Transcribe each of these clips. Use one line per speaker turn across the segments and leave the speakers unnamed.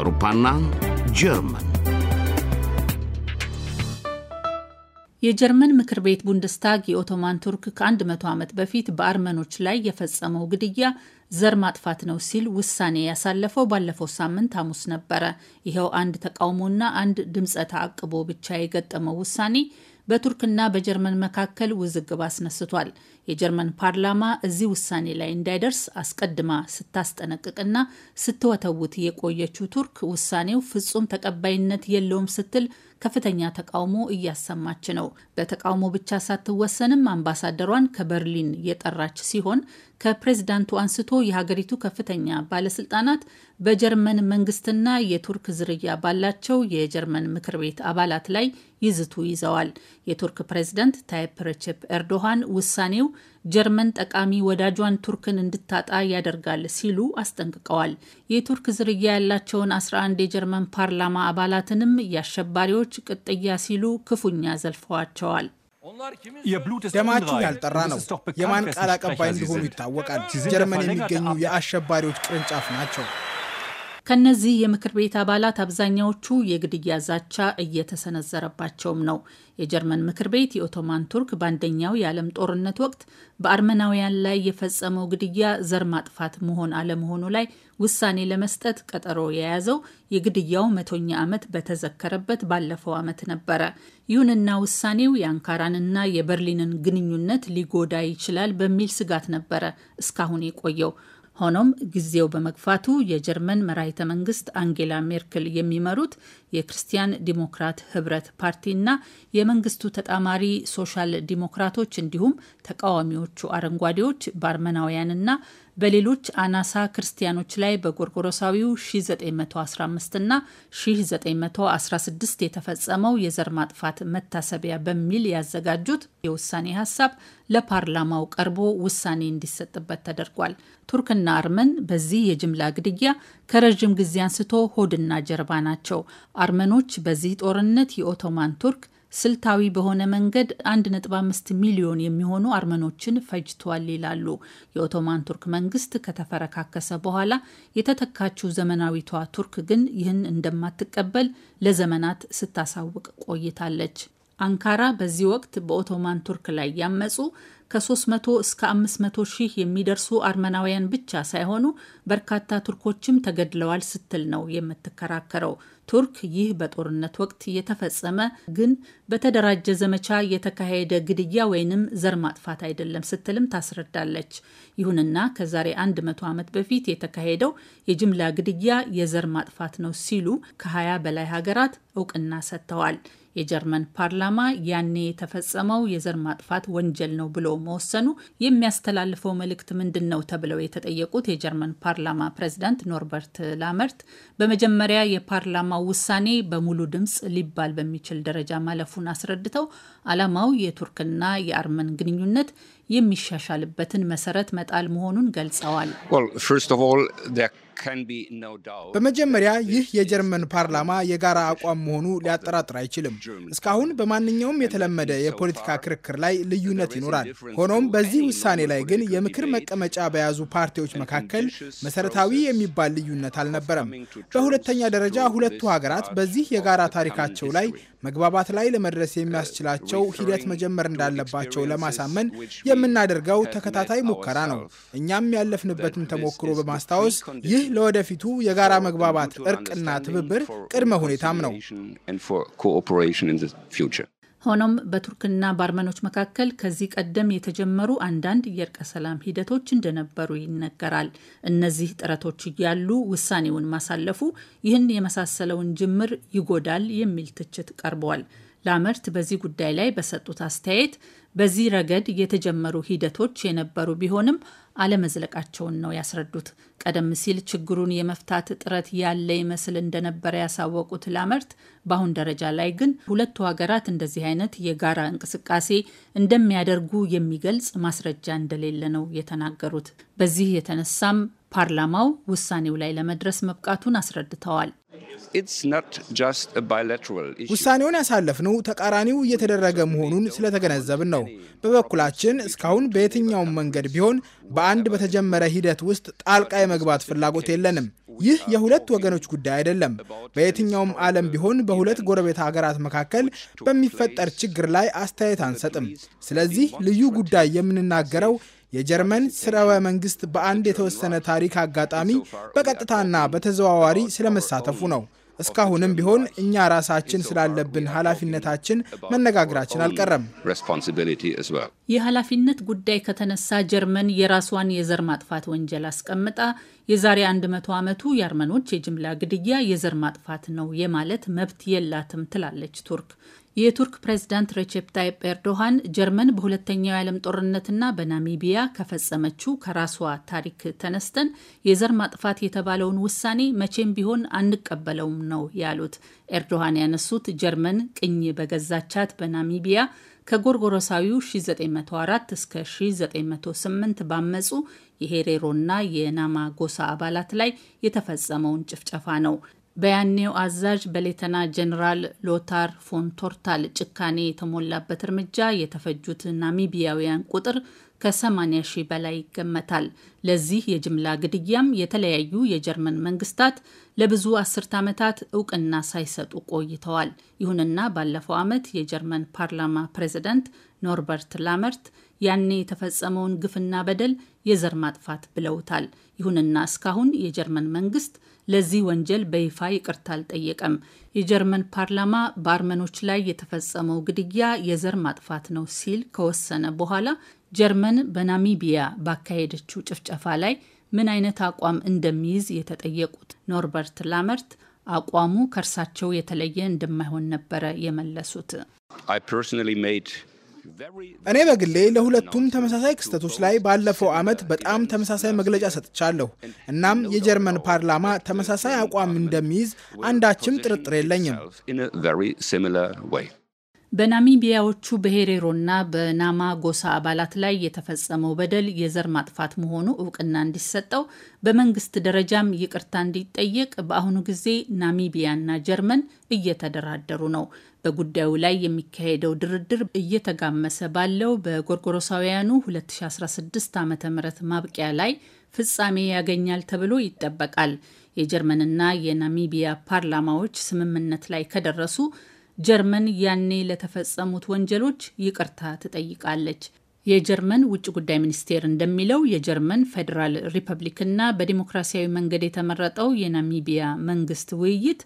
አውሮፓና ጀርመን
የጀርመን ምክር ቤት ቡንደስታግ የኦቶማን ቱርክ ከ100 ዓመት በፊት በአርመኖች ላይ የፈጸመው ግድያ ዘር ማጥፋት ነው ሲል ውሳኔ ያሳለፈው ባለፈው ሳምንት ሐሙስ ነበረ። ይኸው አንድ ተቃውሞና አንድ ድምፀ ተአቅቦ ብቻ የገጠመው ውሳኔ በቱርክና በጀርመን መካከል ውዝግብ አስነስቷል። የጀርመን ፓርላማ እዚህ ውሳኔ ላይ እንዳይደርስ አስቀድማ ስታስጠነቅቅና ስትወተውት የቆየችው ቱርክ ውሳኔው ፍጹም ተቀባይነት የለውም ስትል ከፍተኛ ተቃውሞ እያሰማች ነው። በተቃውሞ ብቻ ሳትወሰንም አምባሳደሯን ከበርሊን የጠራች ሲሆን ከፕሬዝዳንቱ አንስቶ የሀገሪቱ ከፍተኛ ባለስልጣናት በጀርመን መንግስትና የቱርክ ዝርያ ባላቸው የጀርመን ምክር ቤት አባላት ላይ ይዝቱ ይዘዋል። የቱርክ ፕሬዝዳንት ታይፕ ረቼፕ ኤርዶሃን ውሳኔው ጀርመን ጠቃሚ ወዳጇን ቱርክን እንድታጣ ያደርጋል ሲሉ አስጠንቅቀዋል። የቱርክ ዝርያ ያላቸውን 11 የጀርመን ፓርላማ አባላትንም የአሸባሪዎች ቅጥያ ሲሉ ክፉኛ ዘልፈዋቸዋል።
ደማችሁ ያልጠራ ነው። የማን ቃል አቀባይ እንደሆኑ ይታወቃል። ጀርመን የሚገኙ የአሸባሪዎች ቅርንጫፍ ናቸው።
ከነዚህ የምክር ቤት አባላት አብዛኛዎቹ የግድያ ዛቻ እየተሰነዘረባቸውም ነው። የጀርመን ምክር ቤት የኦቶማን ቱርክ በአንደኛው የዓለም ጦርነት ወቅት በአርመናውያን ላይ የፈጸመው ግድያ ዘር ማጥፋት መሆን አለመሆኑ ላይ ውሳኔ ለመስጠት ቀጠሮ የያዘው የግድያው መቶኛ ዓመት በተዘከረበት ባለፈው ዓመት ነበረ። ይሁንና ውሳኔው የአንካራንና የበርሊንን ግንኙነት ሊጎዳ ይችላል በሚል ስጋት ነበረ እስካሁን የቆየው። ሆኖም ጊዜው በመግፋቱ የጀርመን መራሂተ መንግስት አንጌላ ሜርክል የሚመሩት የክርስቲያን ዲሞክራት ህብረት ፓርቲና የመንግስቱ ተጣማሪ ሶሻል ዲሞክራቶች እንዲሁም ተቃዋሚዎቹ አረንጓዴዎች ባርመናውያንና በሌሎች አናሳ ክርስቲያኖች ላይ በጎርጎሮሳዊው 1915ና 1916 የተፈጸመው የዘር ማጥፋት መታሰቢያ በሚል ያዘጋጁት የውሳኔ ሀሳብ ለፓርላማው ቀርቦ ውሳኔ እንዲሰጥበት ተደርጓል። ቱርክና አርመን በዚህ የጅምላ ግድያ ከረዥም ጊዜ አንስቶ ሆድና ጀርባ ናቸው። አርመኖች በዚህ ጦርነት የኦቶማን ቱርክ ስልታዊ በሆነ መንገድ 1.5 ሚሊዮን የሚሆኑ አርመኖችን ፈጅቷል ይላሉ። የኦቶማን ቱርክ መንግስት ከተፈረካከሰ በኋላ የተተካችው ዘመናዊቷ ቱርክ ግን ይህን እንደማትቀበል ለዘመናት ስታሳውቅ ቆይታለች። አንካራ በዚህ ወቅት በኦቶማን ቱርክ ላይ ያመጹ ከ300 እስከ 500 ሺህ የሚደርሱ አርመናውያን ብቻ ሳይሆኑ በርካታ ቱርኮችም ተገድለዋል ስትል ነው የምትከራከረው። ቱርክ ይህ በጦርነት ወቅት የተፈጸመ ግን በተደራጀ ዘመቻ የተካሄደ ግድያ ወይንም ዘር ማጥፋት አይደለም ስትልም ታስረዳለች። ይሁንና ከዛሬ 100 ዓመት በፊት የተካሄደው የጅምላ ግድያ የዘር ማጥፋት ነው ሲሉ ከ20 በላይ ሀገራት እውቅና ሰጥተዋል። የጀርመን ፓርላማ ያኔ የተፈጸመው የዘር ማጥፋት ወንጀል ነው ብሎ መወሰኑ የሚያስተላልፈው መልእክት ምንድን ነው ተብለው የተጠየቁት የጀርመን ፓርላማ ፕሬዚዳንት ኖርበርት ላመርት በመጀመሪያ የፓርላማ የፓርላማው ውሳኔ በሙሉ ድምፅ ሊባል በሚችል ደረጃ ማለፉን አስረድተው ዓላማው የቱርክና የአርመን ግንኙነት የሚሻሻልበትን መሰረት መጣል መሆኑን ገልጸዋል። በመጀመሪያ ይህ የጀርመን
ፓርላማ የጋራ አቋም መሆኑ ሊያጠራጥር አይችልም። እስካሁን በማንኛውም የተለመደ የፖለቲካ ክርክር ላይ ልዩነት ይኖራል። ሆኖም በዚህ ውሳኔ ላይ ግን የምክር መቀመጫ በያዙ ፓርቲዎች መካከል መሰረታዊ የሚባል ልዩነት አልነበረም። በሁለተኛ ደረጃ ሁለቱ ሀገራት በዚህ የጋራ ታሪካቸው ላይ መግባባት ላይ ለመድረስ uh, የሚያስችላቸው ሂደት መጀመር እንዳለባቸው ለማሳመን የምናደርገው ተከታታይ ሙከራ ነው። እኛም ያለፍንበትን ተሞክሮ በማስታወስ ይህ ለወደፊቱ የጋራ መግባባት እርቅና ትብብር ቅድመ ሁኔታም ነው።
ሆኖም በቱርክና በአርመኖች መካከል ከዚህ ቀደም የተጀመሩ አንዳንድ የእርቀ ሰላም ሂደቶች እንደነበሩ ይነገራል። እነዚህ ጥረቶች እያሉ ውሳኔውን ማሳለፉ ይህን የመሳሰለውን ጅምር ይጎዳል የሚል ትችት ቀርበዋል። ላመርት በዚህ ጉዳይ ላይ በሰጡት አስተያየት በዚህ ረገድ የተጀመሩ ሂደቶች የነበሩ ቢሆንም አለመዝለቃቸውን ነው ያስረዱት። ቀደም ሲል ችግሩን የመፍታት ጥረት ያለ ይመስል እንደነበረ ያሳወቁት ላመርት በአሁን ደረጃ ላይ ግን ሁለቱ ሀገራት እንደዚህ አይነት የጋራ እንቅስቃሴ እንደሚያደርጉ የሚገልጽ ማስረጃ እንደሌለ ነው የተናገሩት። በዚህ የተነሳም ፓርላማው ውሳኔው ላይ ለመድረስ መብቃቱን አስረድተዋል።
ውሳኔውን ያሳለፍነው ተቃራኒው እየተደረገ መሆኑን ስለተገነዘብን ነው። በበኩላችን እስካሁን በየትኛውም መንገድ ቢሆን በአንድ በተጀመረ ሂደት ውስጥ ጣልቃ የመግባት ፍላጎት የለንም። ይህ የሁለት ወገኖች ጉዳይ አይደለም። በየትኛውም ዓለም ቢሆን በሁለት ጎረቤት ሀገራት መካከል በሚፈጠር ችግር ላይ አስተያየት አንሰጥም። ስለዚህ ልዩ ጉዳይ የምንናገረው የጀርመን ስርወ መንግስት በአንድ የተወሰነ ታሪክ አጋጣሚ በቀጥታና በተዘዋዋሪ ስለመሳተፉ ነው። እስካሁንም ቢሆን እኛ ራሳችን ስላለብን ኃላፊነታችን መነጋገራችን አልቀረም።
የኃላፊነት ጉዳይ ከተነሳ ጀርመን የራሷን የዘር ማጥፋት ወንጀል አስቀምጣ የዛሬ 100 ዓመቱ የአርመኖች የጅምላ ግድያ የዘር ማጥፋት ነው የማለት መብት የላትም ትላለች ቱርክ። የቱርክ ፕሬዝዳንት ረጀፕ ታይፕ ኤርዶሃን ጀርመን በሁለተኛው የዓለም ጦርነትና በናሚቢያ ከፈጸመችው ከራሷ ታሪክ ተነስተን የዘር ማጥፋት የተባለውን ውሳኔ መቼም ቢሆን አንቀበለውም ነው ያሉት። ኤርዶሃን ያነሱት ጀርመን ቅኝ በገዛቻት በናሚቢያ ከጎርጎሮሳዊው 1904 እስከ 1908 ባመፁ የሄሬሮና የናማ ጎሳ አባላት ላይ የተፈጸመውን ጭፍጨፋ ነው። በያኔው አዛዥ በሌተና ጀኔራል ሎታር ፎንቶርታል ጭካኔ የተሞላበት እርምጃ የተፈጁት ናሚቢያውያን ቁጥር ከ80 ሺህ በላይ ይገመታል። ለዚህ የጅምላ ግድያም የተለያዩ የጀርመን መንግስታት ለብዙ አስርት ዓመታት እውቅና ሳይሰጡ ቆይተዋል። ይሁንና ባለፈው ዓመት የጀርመን ፓርላማ ፕሬዚደንት ኖርበርት ላመርት ያኔ የተፈጸመውን ግፍና በደል የዘር ማጥፋት ብለውታል። ይሁንና እስካሁን የጀርመን መንግስት ለዚህ ወንጀል በይፋ ይቅርታ አልጠየቀም። የጀርመን ፓርላማ በአርመኖች ላይ የተፈጸመው ግድያ የዘር ማጥፋት ነው ሲል ከወሰነ በኋላ ጀርመን በናሚቢያ ባካሄደችው ጭፍጨፋ ላይ ምን አይነት አቋም እንደሚይዝ የተጠየቁት ኖርበርት ላመርት አቋሙ ከእርሳቸው የተለየ እንደማይሆን ነበረ የመለሱት።
እኔ በግሌ ለሁለቱም ተመሳሳይ ክስተቶች ላይ ባለፈው ዓመት በጣም ተመሳሳይ መግለጫ ሰጥቻለሁ። እናም የጀርመን ፓርላማ ተመሳሳይ አቋም እንደሚይዝ አንዳችም ጥርጥር የለኝም።
በናሚቢያዎቹ በሄሬሮና በናማ ጎሳ አባላት ላይ የተፈጸመው በደል የዘር ማጥፋት መሆኑ እውቅና እንዲሰጠው በመንግስት ደረጃም ይቅርታ እንዲጠየቅ በአሁኑ ጊዜ ናሚቢያና ጀርመን እየተደራደሩ ነው። በጉዳዩ ላይ የሚካሄደው ድርድር እየተጋመሰ ባለው በጎርጎሮሳውያኑ 2016 ዓ ም ማብቂያ ላይ ፍጻሜ ያገኛል ተብሎ ይጠበቃል። የጀርመንና የናሚቢያ ፓርላማዎች ስምምነት ላይ ከደረሱ ጀርመን ያኔ ለተፈጸሙት ወንጀሎች ይቅርታ ትጠይቃለች። የጀርመን ውጭ ጉዳይ ሚኒስቴር እንደሚለው የጀርመን ፌዴራል ሪፐብሊክና በዲሞክራሲያዊ መንገድ የተመረጠው የናሚቢያ መንግስት ውይይት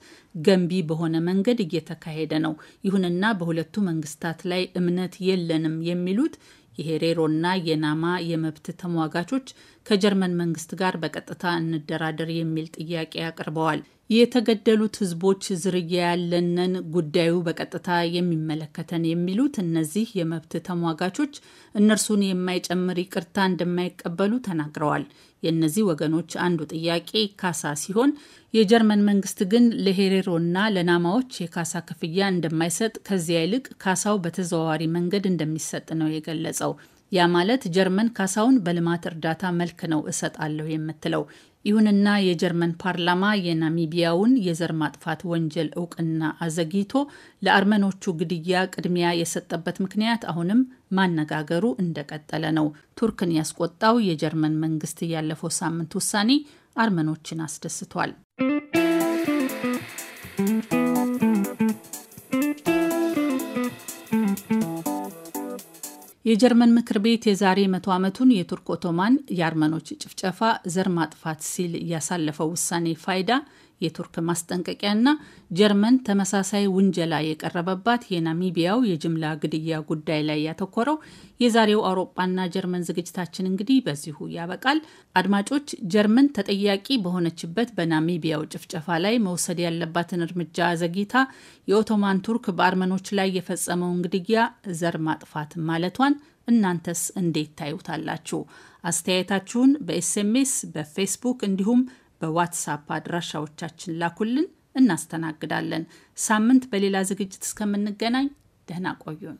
ገንቢ በሆነ መንገድ እየተካሄደ ነው። ይሁንና በሁለቱ መንግስታት ላይ እምነት የለንም የሚሉት የሄሬሮና የናማ የመብት ተሟጋቾች ከጀርመን መንግስት ጋር በቀጥታ እንደራደር የሚል ጥያቄ አቅርበዋል። የተገደሉት ህዝቦች ዝርያ ያለንን ጉዳዩ በቀጥታ የሚመለከተን የሚሉት እነዚህ የመብት ተሟጋቾች እነርሱን የማይጨምር ይቅርታ እንደማይቀበሉ ተናግረዋል። የእነዚህ ወገኖች አንዱ ጥያቄ ካሳ ሲሆን የጀርመን መንግስት ግን ለሄሬሮና ለናማዎች የካሳ ክፍያ እንደማይሰጥ ከዚያ ይልቅ ካሳው በተዘዋዋሪ መንገድ እንደሚሰጥ ነው የገለጸው። ያ ማለት ጀርመን ካሳውን በልማት እርዳታ መልክ ነው እሰጣለሁ የምትለው። ይሁንና የጀርመን ፓርላማ የናሚቢያውን የዘር ማጥፋት ወንጀል እውቅና አዘግይቶ ለአርመኖቹ ግድያ ቅድሚያ የሰጠበት ምክንያት አሁንም ማነጋገሩ እንደቀጠለ ነው። ቱርክን ያስቆጣው የጀርመን መንግስት ያለፈው ሳምንት ውሳኔ አርመኖችን አስደስቷል። የጀርመን ምክር ቤት የዛሬ መቶ ዓመቱን የቱርክ ኦቶማን የአርመኖች ጭፍጨፋ ዘር ማጥፋት ሲል ያሳለፈው ውሳኔ ፋይዳ የቱርክ ማስጠንቀቂያና ጀርመን ተመሳሳይ ውንጀላ የቀረበባት የናሚቢያው የጅምላ ግድያ ጉዳይ ላይ ያተኮረው የዛሬው አውሮጳና ጀርመን ዝግጅታችን እንግዲህ በዚሁ ያበቃል። አድማጮች፣ ጀርመን ተጠያቂ በሆነችበት በናሚቢያው ጭፍጨፋ ላይ መውሰድ ያለባትን እርምጃ ዘግይታ የኦቶማን ቱርክ በአርመኖች ላይ የፈጸመውን ግድያ ዘር ማጥፋት ማለቷን እናንተስ እንዴት ታዩታላችሁ? አስተያየታችሁን በኤስኤምኤስ በፌስቡክ እንዲሁም በዋትሳፕ አድራሻዎቻችን ላኩልን፣ እናስተናግዳለን። ሳምንት በሌላ ዝግጅት እስከምንገናኝ ደህና ቆዩን።